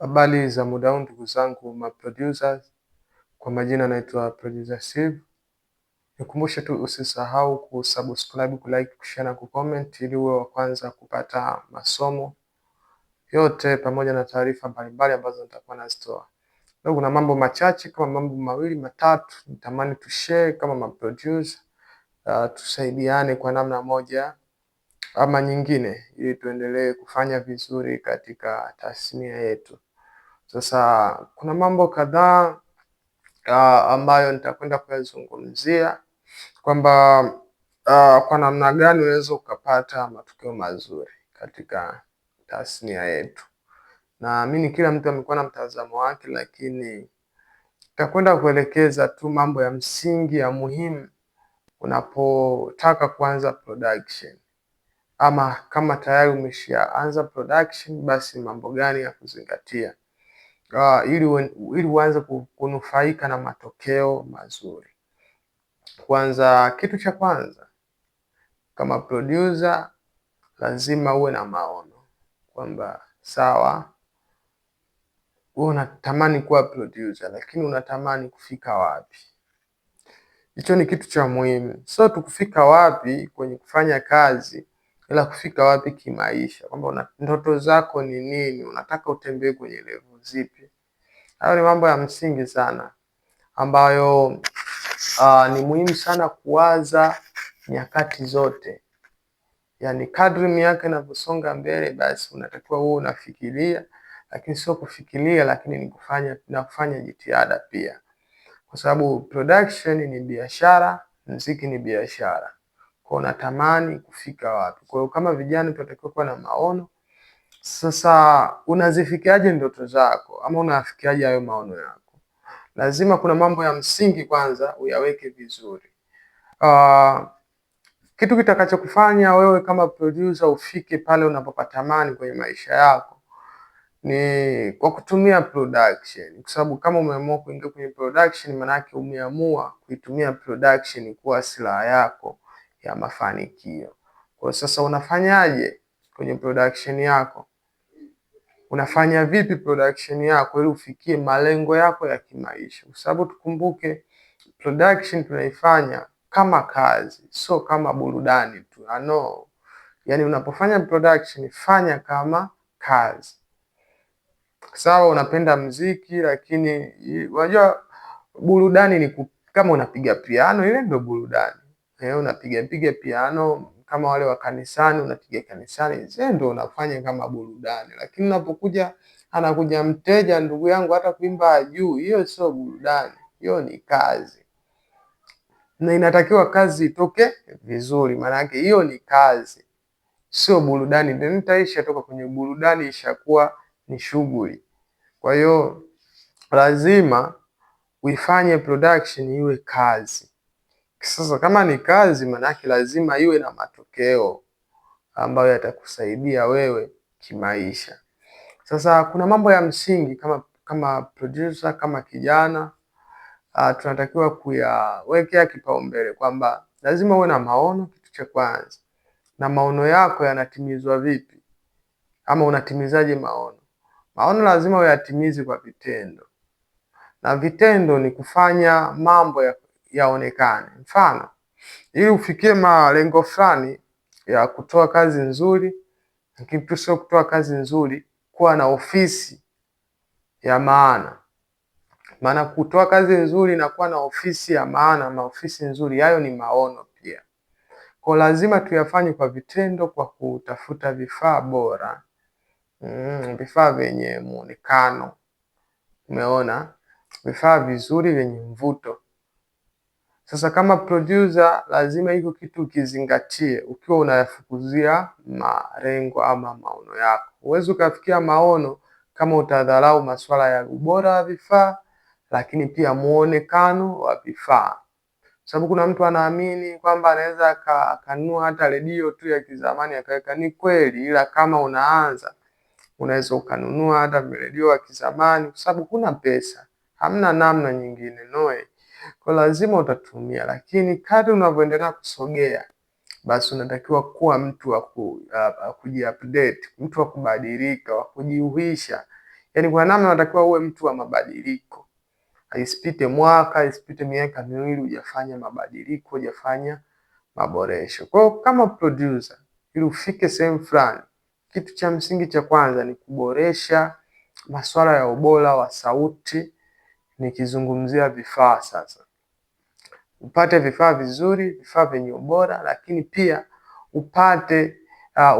Habari za muda huu ndugu zangu producers, kwa majina naitwa producer Steve. Nikumbushe tu usisahau kusubscribe, kulike, kushare na kucomment ili uwe wa kwanza kupata masomo yote pamoja na taarifa mbalimbali ambazo nitakuwa nazitoa. Leo kuna mambo machache kama mambo mawili matatu nitamani tushare kama producer uh, tusaidiane kwa namna moja ama nyingine ili tuendelee kufanya vizuri katika tasnia yetu. Sasa kuna mambo kadhaa uh, ambayo nitakwenda kuyazungumzia kwamba uh, kwa namna gani unaweza ukapata matokeo mazuri katika tasnia yetu. Naamini kila mtu amekuwa na mtazamo wake, lakini nitakwenda kuelekeza tu mambo ya msingi ya muhimu unapotaka kuanza production ama kama tayari umeshaanza production, basi mambo gani ya kuzingatia uh, ili, ili uanze kunufaika na matokeo mazuri. Kwanza, kitu cha kwanza kama producer lazima uwe na maono kwamba sawa, wewe unatamani kuwa producer, lakini unatamani kufika wapi? Hicho ni kitu cha muhimu, sio tu kufika wapi kwenye kufanya kazi, ila kufika wapi kimaisha, kwamba ndoto zako ni nini, unataka utembee kwenye level zipi. Hayo ni mambo ya msingi sana ambayo uh, ni muhimu sana kuwaza nyakati zote. Yaani kadri miaka inavyosonga mbele, basi unatakiwa huo unafikiria, lakini sio kufikiria, lakini ni kufanya na kufanya jitihada pia, kwa sababu production ni biashara, mziki ni biashara, kwa unatamani kufika wapi. Kwa hiyo kama vijana tunatakiwa kuwa na maono sasa unazifikiaje ndoto zako ama unayafikiaje hayo maono yako? Lazima kuna mambo ya msingi kwanza uyaweke vizuri. Uh, kitu kitakachokufanya wewe kama producer ufike pale unapopatamani kwenye maisha yako ni kwa kutumia production, kwa sababu kama umeamua kuingia kwenye production, yake umeamua kuitumia production kuwa silaha yako ya mafanikio. Kwa sasa unafanyaje kwenye production yako? unafanya vipi production yako ili ufikie malengo yako ya kimaisha, kwa sababu tukumbuke production tunaifanya kama kazi, sio kama burudani tu know. Yani unapofanya production fanya kama kazi. Sawa, unapenda mziki lakini unajua burudani ni kama unapiga piano, ile ndio burudani eh, unapiga piga piano kama wale wa kanisani, unapiga kanisani, zendo unafanya kama burudani. Lakini unapokuja anakuja mteja, ndugu yangu, hata kuimba juu, hiyo sio burudani, hiyo ni kazi, na inatakiwa kazi itoke vizuri, maana yake hiyo ni kazi, sio burudani. Ndio toka kwenye burudani, ishakuwa ni shughuli. Kwa hiyo lazima uifanye production iwe kazi. Sasa kama ni kazi, maanake lazima iwe na matokeo ambayo yatakusaidia wewe kimaisha. Sasa kuna mambo ya msingi kama kama producer, kama kijana uh, tunatakiwa kuyawekea kipaumbele kwamba lazima uwe na maono, kitu cha kwanza, na maono yako yanatimizwa vipi, ama unatimizaje maono? Maono lazima uyatimize kwa vitendo, na vitendo ni kufanya mambo ya yaonekane. Mfano, ili ufikie malengo fulani ya kutoa kazi nzuri, lakini tu sio kutoa kazi nzuri, kuwa na ofisi ya maana. Maana kutoa kazi nzuri na kuwa na ofisi ya maana, maofisi nzuri, hayo ni maono pia. Kwa lazima tuyafanye kwa vitendo, kwa kutafuta vifaa bora mm, vifaa vyenye muonekano, umeona, vifaa vizuri vyenye mvuto. Sasa kama producer, lazima hiko kitu ukizingatie ukiwa unayafukuzia malengo ama maono yako. Huwezi ukafikia maono kama utadharau masuala ya ubora wa vifaa, lakini pia muonekano wa vifaa, sababu kuna mtu anaamini kwamba anaweza akanunua hata redio tu ya kizamani akaweka. Ni kweli, ila kama unaanza unaweza ukanunua hata redio ya kizamani, kwa sababu kuna pesa, hamna namna nyingine noe kwa lazima utatumia, lakini kadri unavyoendelea kusogea, basi unatakiwa kuwa mtu wa ku, uh, kujiupdate, mtu wa kubadilika, wa kujiuhisha. Yaani kwa namna unatakiwa uwe mtu wa mabadiliko. Isipite mwaka, isipite miaka miwili hujafanya mabadiliko, hujafanya maboresho. Kwa hiyo kama producer, ili ufike sehemu fulani, kitu cha msingi cha kwanza ni kuboresha masuala ya ubora wa sauti nikizungumzia vifaa sasa. Upate vifaa vizuri, vifaa vyenye ubora, lakini pia upate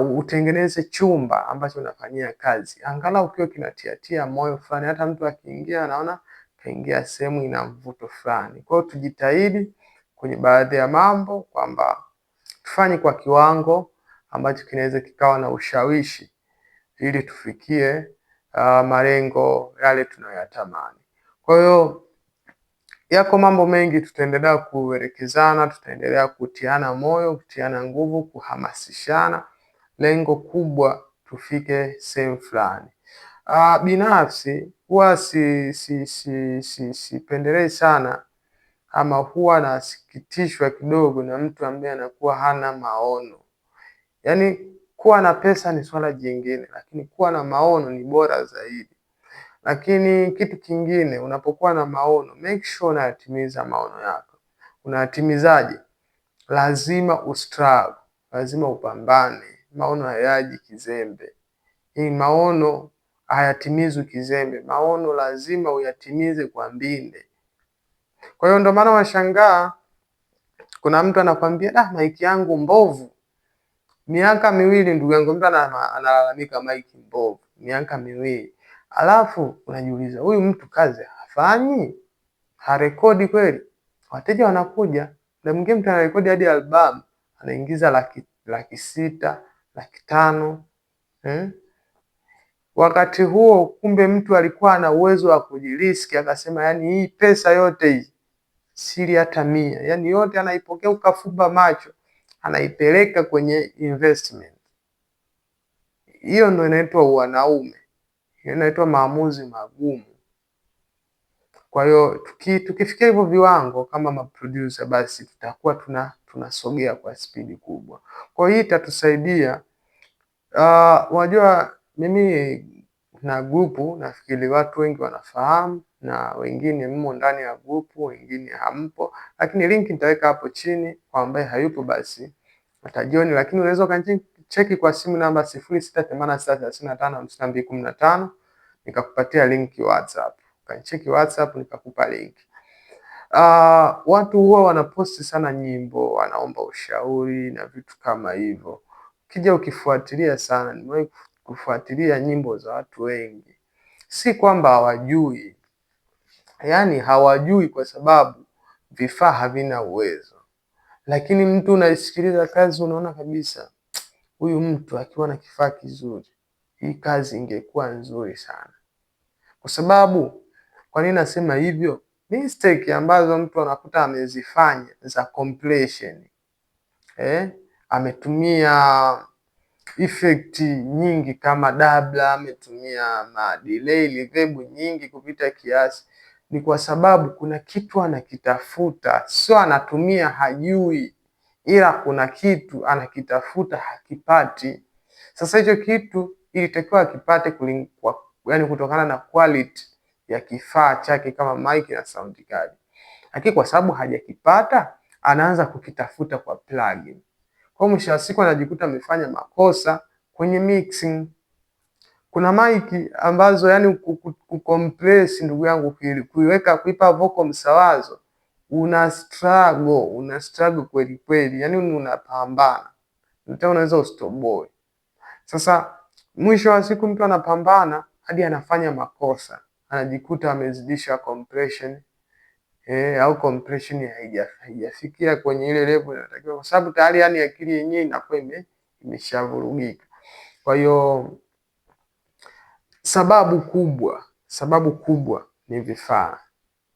uh, utengeneze chumba ambacho unafanyia kazi, angalau ukiwa kinatiatia moyo fulani, hata mtu akiingia anaona kaingia sehemu ina mvuto fulani. Kwa hiyo tujitahidi kwenye baadhi ya mambo kwamba tufanye kwa kiwango ambacho kinaweza kikawa na ushawishi ili tufikie uh, malengo yale tunayoyatamani. Kwa hiyo yako mambo mengi, tutaendelea kuelekezana, tutaendelea kutiana moyo, kutiana nguvu, kuhamasishana, lengo kubwa tufike sehemu fulani. Uh, binafsi huwa si si si si sipendelei sana ama huwa nasikitishwa kidogo na mtu ambaye anakuwa hana maono. Yaani kuwa na pesa ni swala jingine, lakini kuwa na maono ni bora zaidi. Lakini kitu kingine, unapokuwa na maono make sure unayatimiza maono yako. Unayatimizaje? Lazima ustruggle, lazima upambane. Maono hayaji kizembe. Hii maono hayatimizwi kizembe. Maono lazima uyatimize kwa mbinde. Kwa hiyo ndio maana washangaa, kuna mtu anakwambia da, maiki yangu mbovu miaka miwili. Ndugu yangu, mtu analalamika maiki mbovu miaka miwili. Alafu unajiuliza huyu mtu kazi hafanyi, harekodi kweli? Wateja wanakuja, na mwingine mtu anarekodi hadi album anaingiza laki, laki sita laki tano eh? Wakati huo kumbe mtu alikuwa ana uwezo wa kujiriski, akasema yani hii pesa yote hii siri hata mia, yani yote anaipokea ukafumba macho, anaipeleka kwenye investment. Hiyo ndo inaitwa wanaume inaitwa maamuzi magumu. Kwa hiyo tuki, tukifikia hivyo viwango kama maproducer, basi tutakuwa tuna tunasogea kwa spidi kubwa. Kwa hiyo hii itatusaidia unajua, uh, mimi na grupu nafikiri watu wengi wanafahamu na wengine mmo ndani ya grupu, wengine hampo, lakini link nitaweka hapo chini kwa ambaye hayupo basi atajioni, lakini unaweza ukacheki kwa simu namba sifuri sita themanini na sita thelathini na tano hamsini na mbili kumi na tano nikakupatia linki WhatsApp, ukanicheki WhatsApp nikakupa link. Uh, watu huwa wanaposti sana nyimbo, wanaomba ushauri na vitu kama hivyo. Kija ukifuatilia sana, nimewahi kufuatilia nyimbo za watu wengi, si kwamba hawajui, yaani hawajui kwa sababu vifaa havina uwezo, lakini mtu unaisikiliza kazi, unaona kabisa huyu mtu akiwa na kifaa kizuri, hii kazi ingekuwa nzuri sana. Kwa sababu kwa nini nasema hivyo? Mistake ambazo mtu anakuta amezifanya za completion. Eh, ametumia effect nyingi kama dabla, ametumia ma delay reverb nyingi kupita kiasi, ni kwa sababu kuna kitu anakitafuta, sio anatumia hajui, ila kuna kitu anakitafuta hakipati. Sasa hicho kitu ilitakiwa akipate kwa yani kutokana na quality ya kifaa chake kama mic na sound card. Lakini kwa sababu hajakipata anaanza kukitafuta kwa plugin. Kwa hiyo mwisho wa siku anajikuta amefanya makosa kwenye mixing. Kuna mic ambazo yani kucompress ndugu yangu, kuiweka kuipa vocal msawazo una struggle, una struggle kweli kweli, yani unapambana, hata unaweza ustoboe. Sasa mwisho wa siku mtu anapambana hadi anafanya makosa, anajikuta amezidisha compression eh, au compression haijafikia kwenye ile level inatakiwa, kwa sababu tayari yani akili yenyewe inakuwa ime imeshavurugika. Kwa hiyo sababu kubwa, sababu kubwa ni vifaa,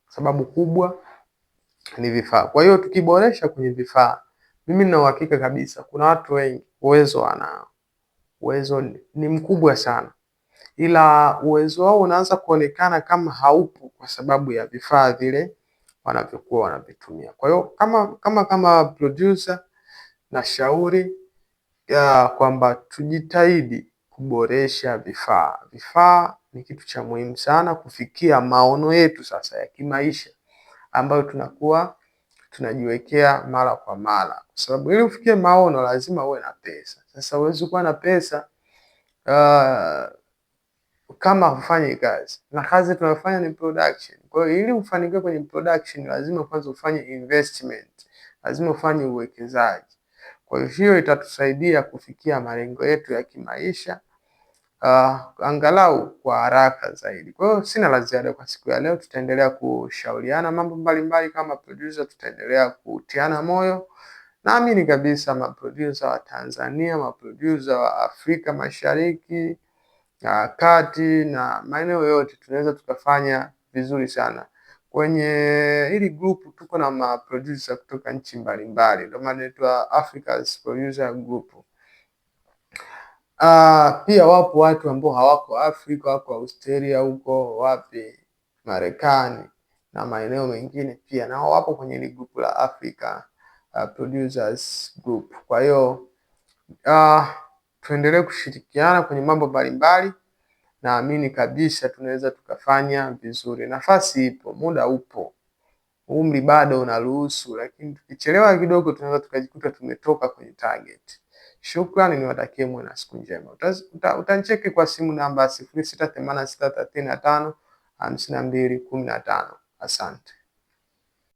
sababu kubwa ni vifaa. Kwa hiyo tukiboresha kwenye vifaa, mimi nina uhakika kabisa kuna watu wengi uwezo wanao, uwezo ni mkubwa sana ila uwezo wao unaanza kuonekana kama haupo kwa sababu ya vifaa vile wanavyokuwa wanavitumia. Kwa hiyo kama, kama, kama producer nashauri kwamba tujitahidi kuboresha vifaa. Vifaa ni kitu cha muhimu sana kufikia maono yetu sasa ya kimaisha ambayo tunakuwa tunajiwekea mara kwa mara, kwa sababu ili ufikie maono lazima uwe na pesa. Sasa huwezi kuwa na pesa uh, kama hufanyi kazi, na kazi tunayofanya ni production. Kwa hiyo ili ufanikiwe kwenye production, lazima kwanza ufanye investment, lazima ufanye uwekezaji. Kwa hiyo itatusaidia kufikia malengo yetu ya kimaisha uh, angalau kwa haraka zaidi. Kwa hiyo sina la ziada kwa siku ya leo, tutaendelea kushauriana mambo mbalimbali kama producer, tutaendelea kutiana moyo. Naamini kabisa maproducer wa Tanzania, maproducer wa Afrika Mashariki na kati na maeneo yote tunaweza tukafanya vizuri sana. Kwenye hili group tuko na maproducer kutoka nchi mbalimbali, ndio maana inaitwa Africa's Producer Group. Uh, pia wapo watu ambao hawako Afrika, wako Australia huko wapi, Marekani na maeneo mengine pia nao wapo kwenye hili group la Africa uh, Producers Group. Kwa hiyo uh, tuendelee kushirikiana kwenye mambo mbalimbali, naamini kabisa tunaweza tukafanya vizuri. Nafasi ipo, muda upo, umri bado unaruhusu, lakini tukichelewa kidogo tunaweza tukajikuta tumetoka kwenye target. Shukrani, niwatakie mwe na siku njema. Utancheki kwa simu namba sifuri sita themanini na sita thelathini na tano hamsini na mbili kumi na tano. Asante.